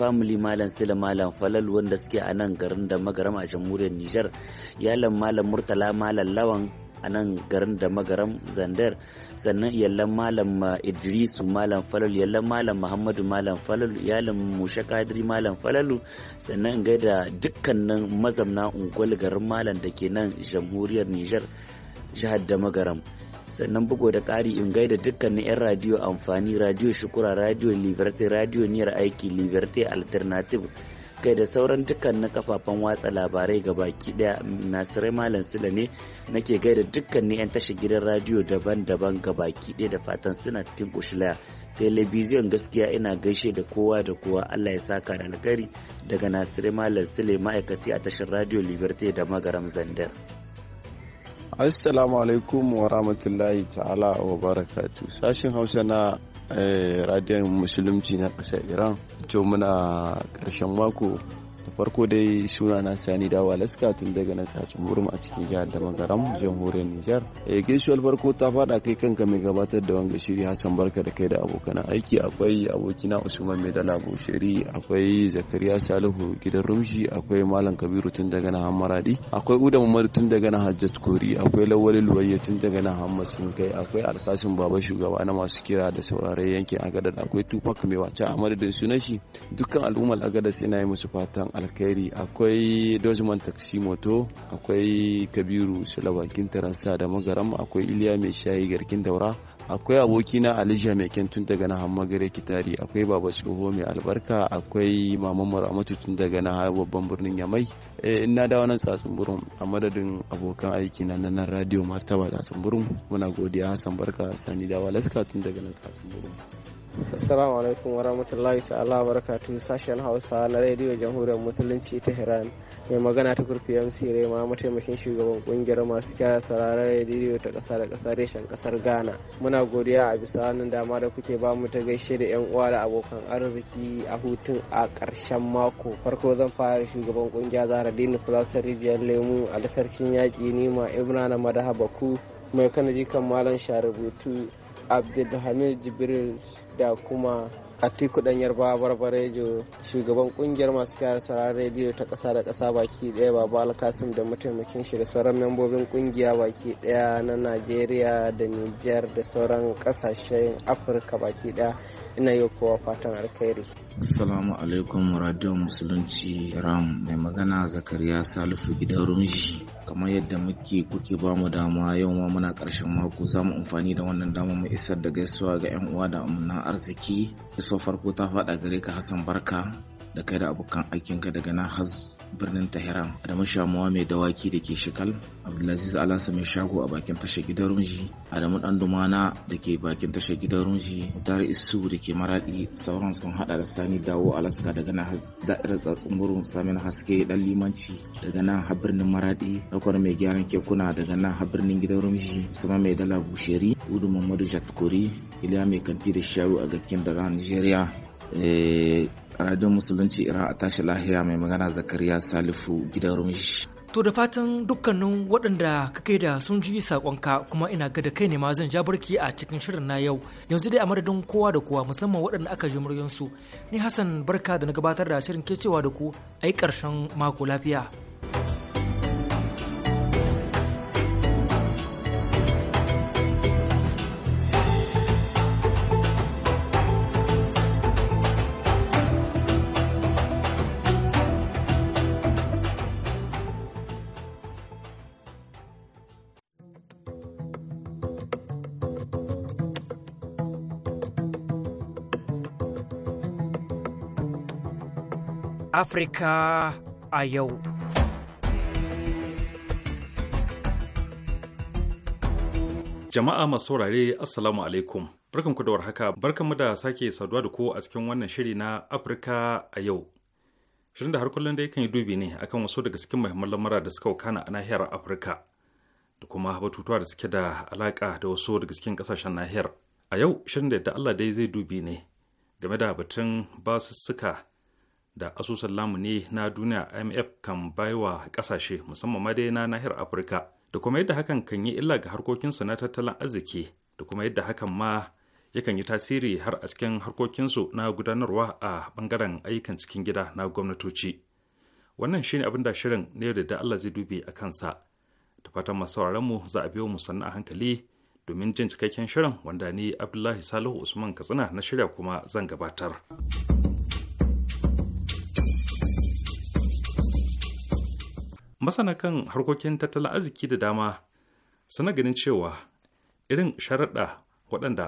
famili malam sila malam falal wanda suke a nan garin da magaram a jamhuriyar niger yalan malam murtala malam lawan a nan garin da magaram zandar sannan yallan malam uh, idrisu malam falalu yallan malam muhammadu malam falalu iyalin mushe kadiri malam falalu sannan gaida dukkanin mazamna unguwar garin malam da ke nan jamhuriyar nijar jihar da magaram sannan bugu da ƙari in gaida dukkanin 'yan radiyo amfani radiyo shukura radiyo liberty radiyo niyar aiki liberty alternative kai da sauran dukkanin kafafen watsa labarai ga baki daya nasirai malam sula ne nake gaida dukkanin 'yan tashar gidan radiyo daban-daban ga baki daya da fatan suna cikin kushilaya telebijin gaskiya ina gaishe da kowa da kowa allah ya saka da alkari daga nasirai malam sule ma'aikaci a tashar radio liberty da magaram zandar assalamu alaikum wa rahmatullahi ta'ala wa barakatu sashin hausa na Eh, radiyon musulunci na ƙasar iran to muna ƙarshen mako farko dai suna na sani da laska tun daga nan sacin burum a cikin jihar da magaram jamhuriyar nijar e gaisuwar farko ta fada kai kanka mai gabatar da wanga shiri hassan barka da kai da abokan aiki akwai abokina usman mai dala bushiri akwai zakariya salihu gidan rumshi akwai malam kabiru tun daga nan hamaradi akwai uda mamadu tun daga nan hajjat kori akwai lawali luwayya tun daga nan hamad sun kai akwai alkasin baba shugaba na masu kira da saurare yankin agadar akwai tupac mai wace amadadin sunan shi dukkan al'ummar agadar sai na yi musu fatan alkhairi alkhairi akwai dojman taksi moto akwai kabiru sulabakin taransa da magaram akwai iliya mai shayi garkin daura akwai abokina alija mai kentun daga na hammagare kitari akwai baba tsoho mai albarka akwai maman maramatu tun daga na babban birnin yamai eh, in na dawo nan tsatsun a madadin abokan aiki na nan radio martaba tsatsun muna godiya hassan barka sani dawa laska tun daga nan tsatsun Assalamu alaikum wa rahmatullahi ta'ala wa barakatuh sashen Hausa na rediyo Jamhuriyar Musulunci ta Iran. Mai magana ta kurfi MC ma mataimakin shugaban kungiyar masu kyara sararin rediyo ta kasa da kasa reshen kasar Ghana. Muna godiya a bisa wannan dama da kuke ba mu ta gaishe da yan uwa da abokan arziki a hutun a ƙarshen mako. Farko zan fara shugaban kungiya Zahra Dini Fulasar Rijiyar Lemu a sarkin yaƙi Nima Ibrahim Madaha Baku mai kanaji jikan Malam Shaributu Abdulhamid Jibril da kuma Atiku dan Yarba Barbarejo shugaban kungiyar masu kyara sauraron rediyo ta kasa da kasa baki ɗaya Baba Alkasim da mataimakin shi da sauran membobin kungiya baki ɗaya na Najeriya da Nijar da sauran kasashen Afirka baki ɗaya ina yi kowa fatan alkhairi. Assalamu alaikum Radio Musulunci Ram mai magana Zakariya Salifu gidan Rumshi kamar yadda muke kuke ba mu dama yau ma muna karshen mako za mu amfani da wannan dama mu isar da gaisuwa ga 'yan uwa da amina arziki gaisuwa farko ta faɗa gare ka hassan barka da kai da abokan aikinka daga nan har birnin Tehran da Shamuwa mai dawaki da ke Shikal Abdulaziz Alasa mai shago a bakin tashar gidan Rumji Adamu Dan Dumana da ke bakin tashar gidan Rumji mutar Isu da ke Maradi sauran sun hada da Sani Dawo Alaska daga nan da'irar tsatsun Samin Haske dan limanci daga nan har birnin Maradi mai gyaran kekuna daga nan har birnin gidan Rumji Usman mai dala Busheri Udu Muhammadu Jatkori Iliya mai kanti da shawu a gakin da Nigeria eh, radiyon musulunci iran a tashi lahiya mai magana zakariya salifu gidan rumish to da fatan dukkanin waɗanda ka da sun ji saƙonka kuma ina ga da kai ne ma zan ja barki a cikin shirin na yau yanzu dai a madadin kowa da kowa musamman waɗanda aka ji muryansu ni hassan barka da na gabatar da shirin ke cewa da ku a yi ƙarshen mako lafiya Afirka a yau. Jama'a masu saurare Assalamu alaikum. Barkanku da warhaka, barkanmu da sake saduwa da ku a cikin wannan shiri na Afirka a yau. Shirin da har kullum kan yi dubi ne akan wasu daga cikin muhimman lamura da suka wakana a nahiyar Afirka da kuma batutuwa da suke da alaƙa da wasu daga cikin kasashen nahiyar. A yau shirin da yadda Allah dai zai dubi ne game da batun basussuka da asusun lamuni na duniya imf kan baiwa kasashe musamman ma dai na nahiyar afirka da kuma yadda hakan kan yi illa ga harkokinsu na tattalin arziki da kuma yadda hakan ma yakan yi tasiri har a cikin harkokinsu na gudanarwa a bangaren ayyukan cikin gida na gwamnatoci wannan shine abin da shirin ne da da Allah zai dube a kansa da fatan masu mu za a biyo mu sannu a hankali domin jin cikakken shirin wanda ni Abdullahi Salihu Usman Katsina na shirya kuma zan gabatar. masana kan harkokin tattalin arziki da dama suna ganin cewa irin sharaɗa waɗanda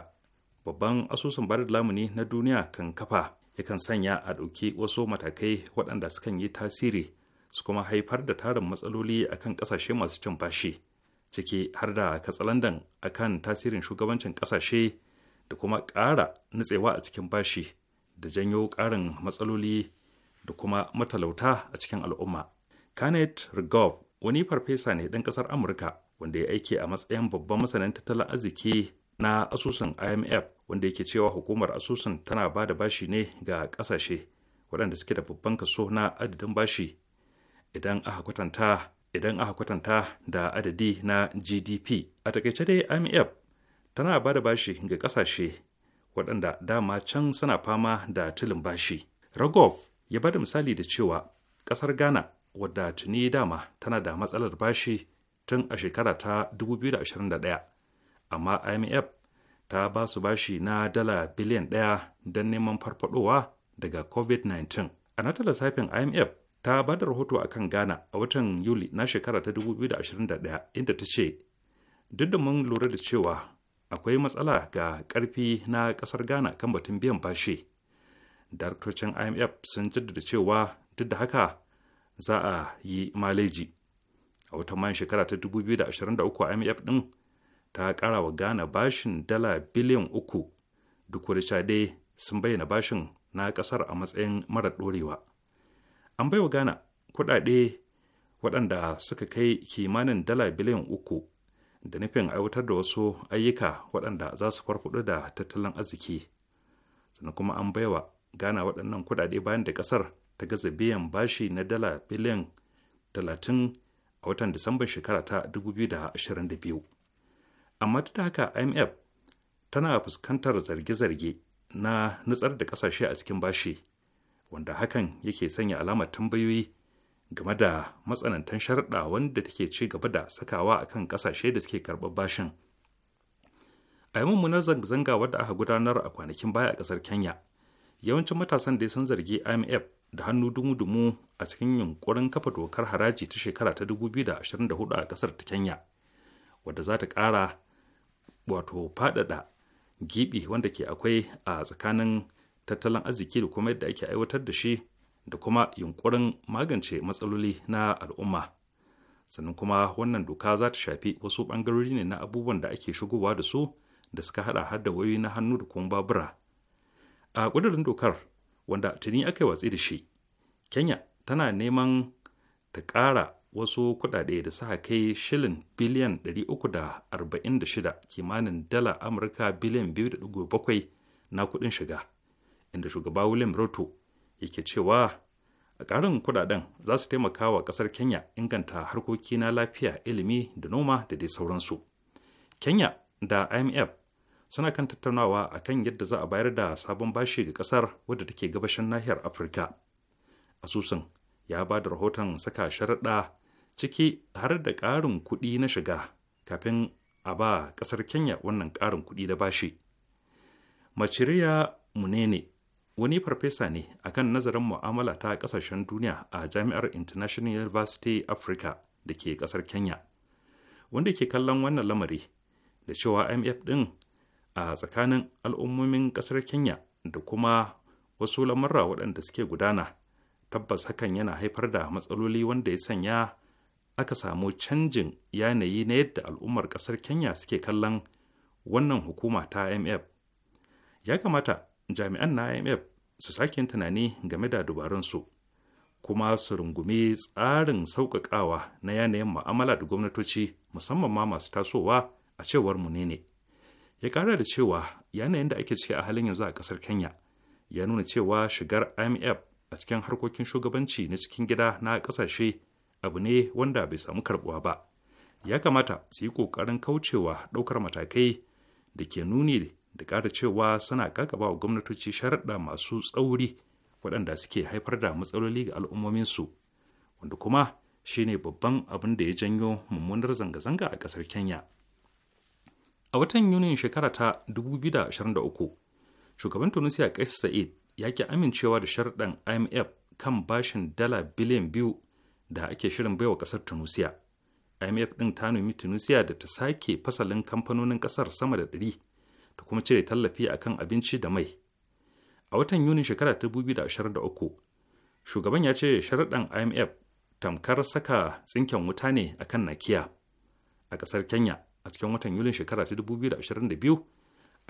babban asusun bayar lamuni na duniya kan kafa yakan sanya a ɗauki wasu matakai waɗanda sukan yi tasiri su kuma haifar da tarin matsaloli akan ƙasashe masu cin bashi ciki har da katsalandan akan tasirin shugabancin ƙasashe da kuma ƙara nutsewa a cikin bashi da janyo ƙarin matsaloli da kuma matalauta a cikin al'umma Kenneth Rigov wani farfesa ne ɗan ƙasar Amurka wanda ya aiki a matsayin babban masanin tattalin arziki na asusun IMF wanda yake cewa hukumar asusun tana ba da bashi ne ga ƙasashe waɗanda suke da babban kaso na adadin bashi idan aka kwatanta idan aka kwatanta da adadi na GDP. A takaice dai IMF tana ba da bashi ga ƙasashe waɗanda dama can suna fama da tilin bashi. Ragov ya ba da misali da cewa ƙasar Ghana wadda tuni dama tana da matsalar bashi tun a shekara ta 2021 amma imf ta ba su bashi na dala biliyan ɗaya don neman farfadowa daga covid-19 a nata lissafin imf ta ba da rahoto a kan ghana a watan yuli na shekara ta 2021 inda ta ce duk da mun lura da cewa akwai matsala ga karfi na kasar ghana kan batun biyan bashi daraktocin imf sun jaddada cewa duk da haka za a yi maleji a wata mayan shekara ta 2023 imf din ta kara wa ghana bashin dala biliyan uku duk dai sun bayyana bashin na kasar a matsayin mara dorewa an baiwa ghana kudade waɗanda suka kai kimanin dala biliyan uku da nufin aiwatar da wasu ayyuka waɗanda za su farfaɗo da tattalin arziki sannan kuma an baiwa ghana waɗannan kudade bayan da ƙasar ta gaza biyan bashi na dala biliyan 30 a watan Disamban shekara ta 2022. Amma duk da haka IMF tana fuskantar zarge-zarge na nutsar da kasashe a cikin bashi, wanda hakan yake sanya alamar tambayoyi game da matsanantar sharɗa wanda take ci gaba da sakawa a kan ƙasashe da suke karɓar bashin. A yi mummunar zanga-zanga wadda aka gudanar a kwanakin baya a ƙasar Kenya, yawancin matasan da ya san zargi imf da hannu dumu-dumu a cikin yunkurin kafa dokar haraji ta shekara ta 2024 a kasar ta kenya wadda za ta kara wato fadada gibi wanda ke akwai a tsakanin tattalin arziki da kuma yadda ake aiwatar da shi da kuma yunkurin magance matsaloli na al'umma sannan kuma wannan doka za ta shafi wasu bangarori ne na abubuwan da ake shigowa da su da suka hada har da wayoyi na hannu da kuma babura a ƙudurin dokar wanda tuni aka yi watsi da shi kenya tana neman ta ƙara wasu kuɗaɗe da suka kai shilin biliyan 346 kimanin dala amurka biliyan 2.7 na kuɗin shiga inda shugaba william ruto yake cewa a ƙarin kuɗaɗen za su taimaka wa ƙasar kenya inganta harkoki na lafiya ilimi da noma da dai sauransu kenya da imf suna kan tattaunawa kan yadda za a bayar da sabon bashi ga kasar wadda take gabashin nahiyar afirka asusun ya ba da rahoton saka sharaɗa ciki har da ƙarin kuɗi na shiga kafin a ba ƙasar kenya wannan ƙarin kuɗi da bashi maciriya munene wani farfesa ne akan nazarin mu'amala ta ƙasashen duniya a jami'ar international university africa da ke ƙasar kenya wanda ke kallon wannan lamari da cewa mf din. a tsakanin al'ummomin ƙasar kenya da kuma wasu lamarra waɗanda suke gudana tabbas hakan yana haifar da matsaloli wanda ya sanya aka samu canjin yanayi na yadda al'ummar ƙasar kenya suke kallon wannan hukuma ta imf ya kamata jami'an na imf su sake tunani game da dubarunsu kuma su rungumi tsarin sauƙaƙawa na yanayin ma'amala da gwamnatoci musamman ma masu tasowa a cewar mu ne ne ya kara da cewa yanayin da ake ciki a halin yanzu a ƙasar kenya ya nuna cewa shigar imf a cikin harkokin shugabanci na cikin gida na ƙasashe abu ne wanda bai samu karbuwa ba ya kamata su yi ƙoƙarin kaucewa ɗaukar matakai da ke nuni da ƙara cewa suna kakaba wa gwamnatoci sharaɗa masu tsauri waɗanda suke haifar da matsaloli ga al'ummominsu wanda kuma shine babban abin da ya janyo mummunar zanga-zanga a ƙasar kenya a watan yunin shekara ta 2023 shugaban tunisia kais sa'id ya ki amincewa da sharɗan imf kan bashin dala biliyan biyu da ake shirin baiwa ƙasar tunisia imf ɗin ta nomi tunisia da ta sake fasalin kamfanonin ƙasar sama da ɗari ta kuma cire tallafi akan abinci da mai a watan yunin shekara 2023 shugaban ya ce sharaɗan imf tamkar saka tsinken wuta ne akan nakiya a ƙasar kenya a cikin watan yulin shekara ta 2022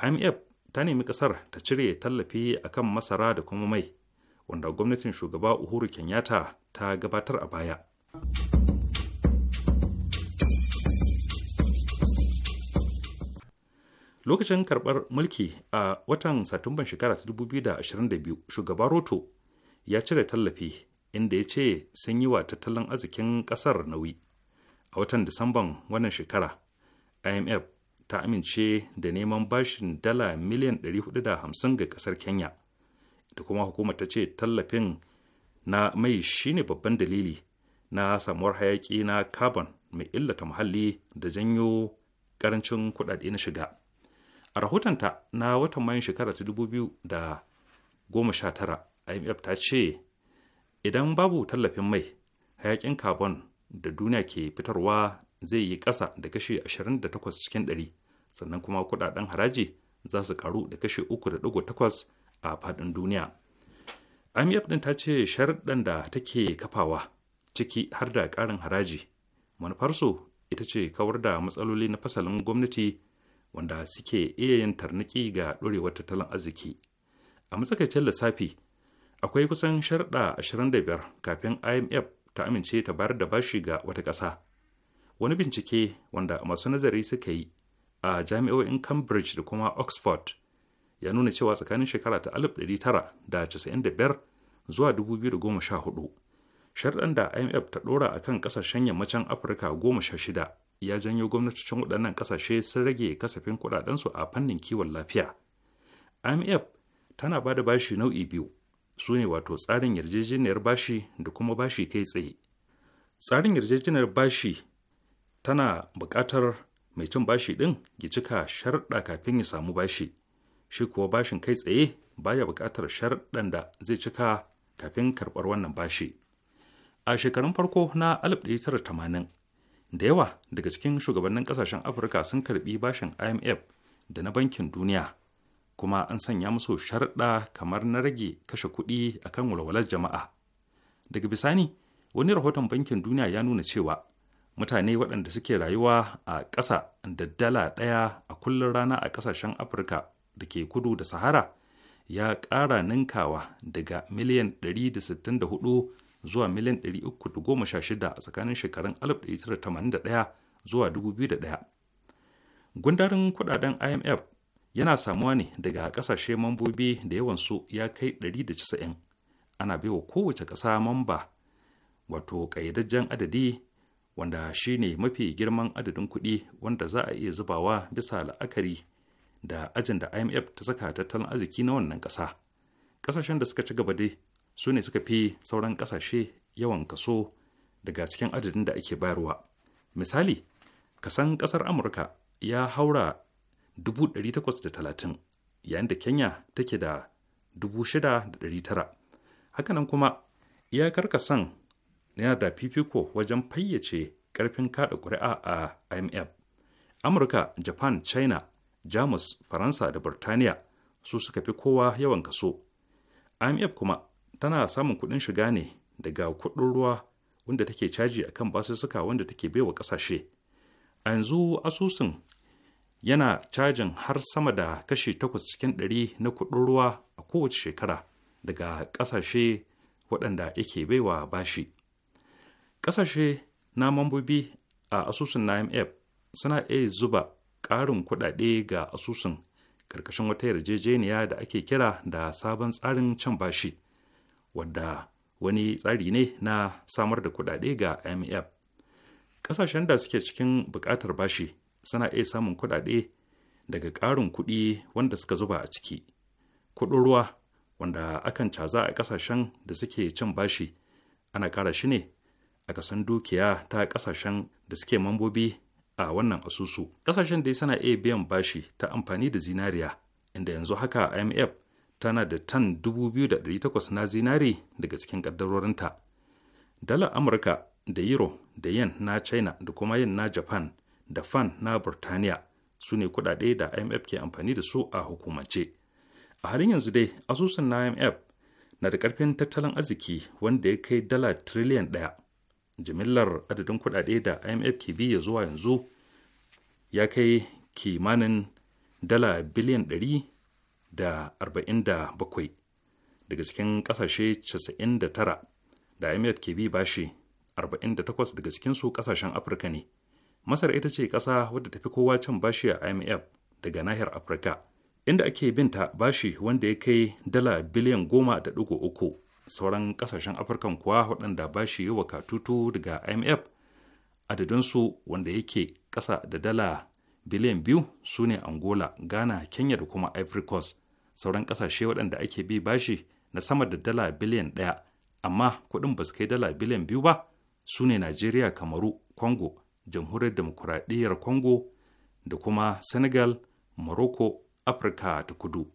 imf ta nemi kasar ta cire tallafi a kan masara da kuma mai wanda gwamnatin shugaba uhuru kenyatta ta gabatar a baya lokacin karbar mulki a watan satumban shekara ta 2022 shugaba roto ya cire tallafi inda ya ce sun yi wa tattalin arzikin kasar nauyi a watan disamban wannan shekara imf ta amince da neman bashin dala miliyan 450 ga kasar kenya da kuma hukumar ta ce tallafin na mai shine babban dalili na samuwar hayaki na carbon mai illata muhalli da janyo karancin kudade na shiga a rahotonta na watan mayun shekara ta 2019 imf ta ce idan babu tallafin mai hayakin carbon da duniya ke fitarwa zai yi ƙasa da kashi 28 cikin ɗari sannan kuma kudaden haraji za su karu da kashi 3.8 a faɗin duniya. IMF ɗin ta ce sharɗan da take kafawa ciki har da ƙarin haraji manufarsu ita ce kawar da matsaloli na fasalin gwamnati wanda suke iya yin tarniki ga ɗorewar tattalin arziki. A matsakaicin lissafi akwai kusan sharɗa 25 kafin IMF ta amince ta bayar da bashi ga wata ƙasa. wani bincike wanda masu nazari suka yi a jami'o'in cambridge da kuma oxford ya nuna cewa tsakanin shekara ta 1995 zuwa 2014 sharɗan da imf ta ɗora a kan ƙasashen yammacin afirka goma sha shida ya janyo gwamnatocin waɗannan ƙasashe sun rage kasafin kuɗaɗensu a fannin kiwon lafiya imf tana ba da bashi nau'i biyu su ne wato tsarin yarjejeniyar bashi da kuma bashi kai tsaye tsarin yarjejeniyar bashi tana buƙatar mai cin bashi ɗin ya cika sharɗa kafin ya samu bashi shi kuwa bashin kai tsaye baya buƙatar sharɗan da zai cika kafin karɓar wannan bashi a shekarun farko na 1980 da yawa daga cikin shugabannin ƙasashen afirka sun karɓi bashin imf da na bankin duniya kuma an sanya musu sharɗa kamar na rage kashe kuɗi akan walwalar jama'a daga bisani wani rahoton bankin duniya ya nuna cewa mutane waɗanda suke rayuwa a ƙasa da dala ɗaya a kullum rana a ƙasashen afirka da ke kudu da sahara ya ƙara ninkawa daga miliyan 164 zuwa miliyan 316 a tsakanin shekarun 1981 zuwa 2001 gundarin kudaden imf yana samuwa ne daga ƙasashe mambobi da yawansu ya kai 190 ana baiwa kowace ƙasa mamba wato ƙayyadajjen adadi wanda shi ne mafi girman adadin kuɗi wanda za a iya zubawa bisa la'akari da ajin da imf ta saka tattalin arziki na wannan ƙasa ƙasashen da suka ci gaba dai su ne suka fi sauran ƙasashe yawan kaso daga cikin adadin da ake bayarwa misali kasan ƙasar amurka ya haura da talatin yayin da kenya take da da 6,900 hakanan kuma iyakar kasan yana da fifiko wajen fayyace karfin kada ƙuri'a a imf amurka japan china jamus faransa da burtaniya su suka fi kowa yawan kaso imf kuma tana samun kuɗin shiga ne daga kuɗin ruwa wanda take caji a kan basussuka wanda take baiwa ƙasashe a yanzu asusun yana cajin har sama da kashi takwas cikin ɗari na kuɗin ruwa a kowace shekara daga ƙasashe waɗanda yake baiwa bashi kasashe na mambobi a asusun na imf suna iya zuba ƙarin kuɗaɗe ga asusun ƙarƙashin wata yarjejeniya da ake kira da sabon tsarin can bashi wadda wani tsari ne na samar da kuɗaɗe ga imf ƙasashen da suke cikin buƙatar bashi suna iya samun kuɗaɗe daga ƙarin kuɗi wanda suka zuba a ciki kuɗin ruwa wanda akan caza a ƙasashen da suke cin bashi ana ƙara shi ne a kasan dukiya ta kasashen da suke mambobi a wannan asusu kasashen dai suna iya biyan bashi ta amfani da zinariya inda yanzu haka imf tana da tan 2,800 na zinari daga cikin ƙaddarorinta dala amurka da euro da yen na china da kuma yen na japan da fan na burtaniya su ne kudade da imf ke amfani da su a hukumance a halin yanzu dai asusun na imf na da ƙarfin tattalin arziki wanda ya kai dala triliyan ɗaya. jimillar adadin kudade da imf ke biya zuwa yanzu ya kai kimanin dala biliyan 147 daga cikin kasashe 99 da imf ke bi bashi 48 daga cikin su kasashen afirka ne masar ita ce kasa wadda tafi kowa can bashi a imf daga nahiyar afirka inda ake binta bashi wanda ya kai dala biliyan goma da sauran kasashen afirkan kuwa waɗanda ba shi yi wa katutu daga imf adadinsu wanda yake ƙasa da dala biliyan biyu su ne angola ghana kenya da kuma ivory coast sauran ƙasashe waɗanda ake bi bashi na sama da dala biliyan ɗaya amma kuɗin ba su kai dala biliyan biyu ba su ne nigeria kamaru congo jamhuriyar demokuraɗiyyar congo da kuma senegal morocco afirka ta kudu.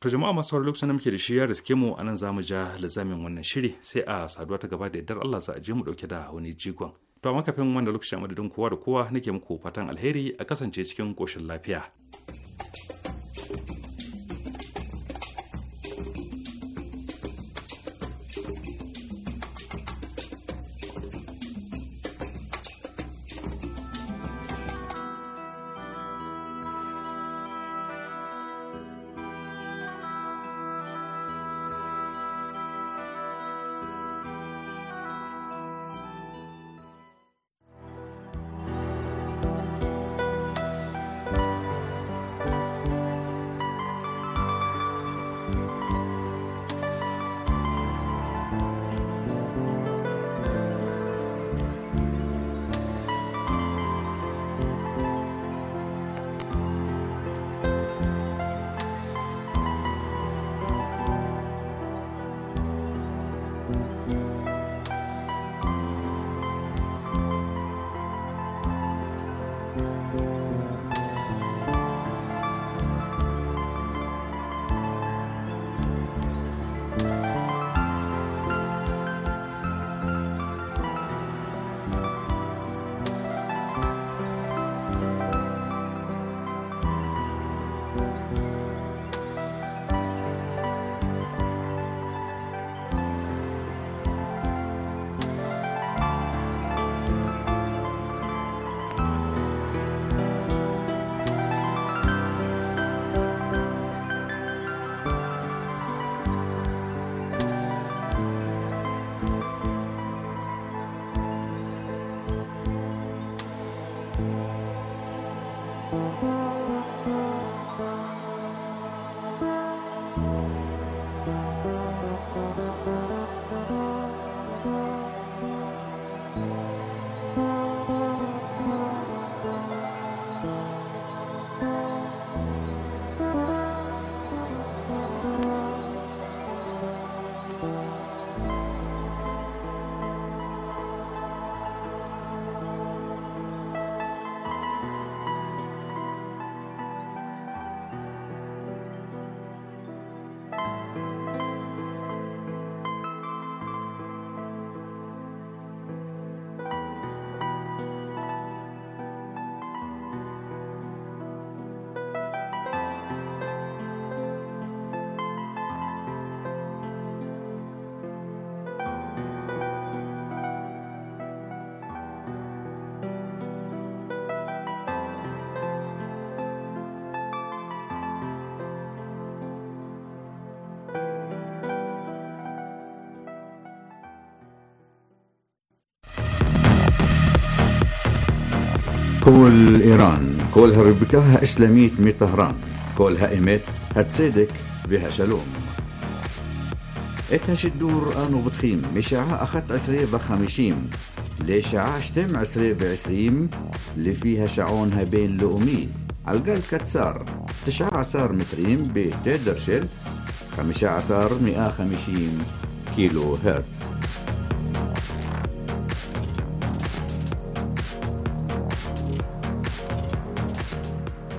To jama'a masu sauraron lokacin da muke da shi ya riske mu anan za mu ja lizamin wannan shiri sai a saduwa ta gaba da yardar Allah za a je mu dauke da wani jigon. To amma kafin wannan lokacin madadin kowa da kowa nake muku fatan alheri a kasance cikin koshin lafiya. قول إيران كولها ربكاها إسلاميت مي طهران كولها إيمت هتصدق بها شلوم إتها الدور آنو بتخيم مشاعة أخت عسرية بخمشيم لشاعة شتم عسرية بعسريم اللي فيها شعونها بين لؤمي عالقال كتسار تشعة عصار متريم بتدرشل خمشة عصار مئة خمشيم كيلو هرتز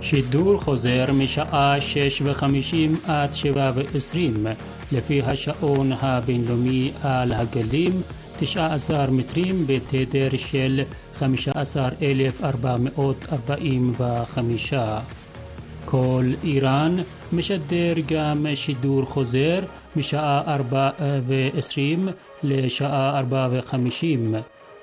שידור חוזר משעה שש וחמישים עד שבע ועשרים לפי השעון הבינלאומי על הגלים 19 מטרים בתדר של 15,445. כל איראן משדר גם שידור חוזר משעה 4 לשעה 4 ו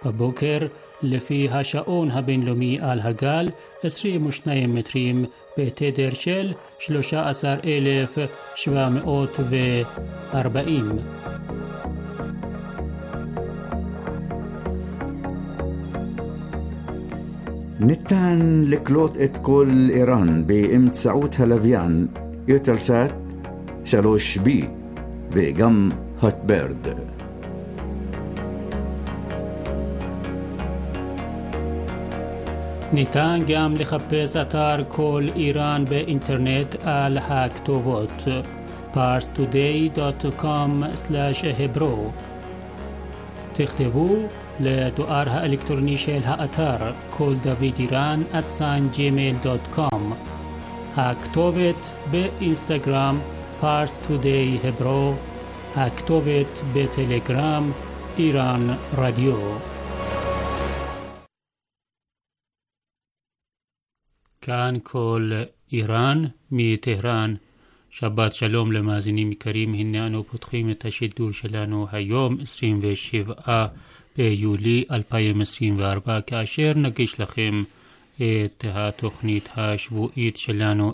בבוקר לפי השעון הבינלאומי על הגל 22 מטרים בתדר של 13,740. ניתן לקלוט את כל איראן באמצעות הלוויין ארטלסאט 3B וגם הוטברד. نیتان گام لخ اتار کل ایران به اینترنت الهاکتووت هکت ود. پارس تودای داٹ کام سلش هیبرو. تختو اتار کل دوید ایران اتسان جیمیل کام. به اینستاگرام پارس تودای هیبرو. به تلگرام ایران رادیو. כאן כל איראן מטהרן. שבת שלום למאזינים יקרים, הנה אנו פותחים את השידור שלנו היום, 27 ביולי 2024, כאשר נגיש לכם את התוכנית השבועית שלנו,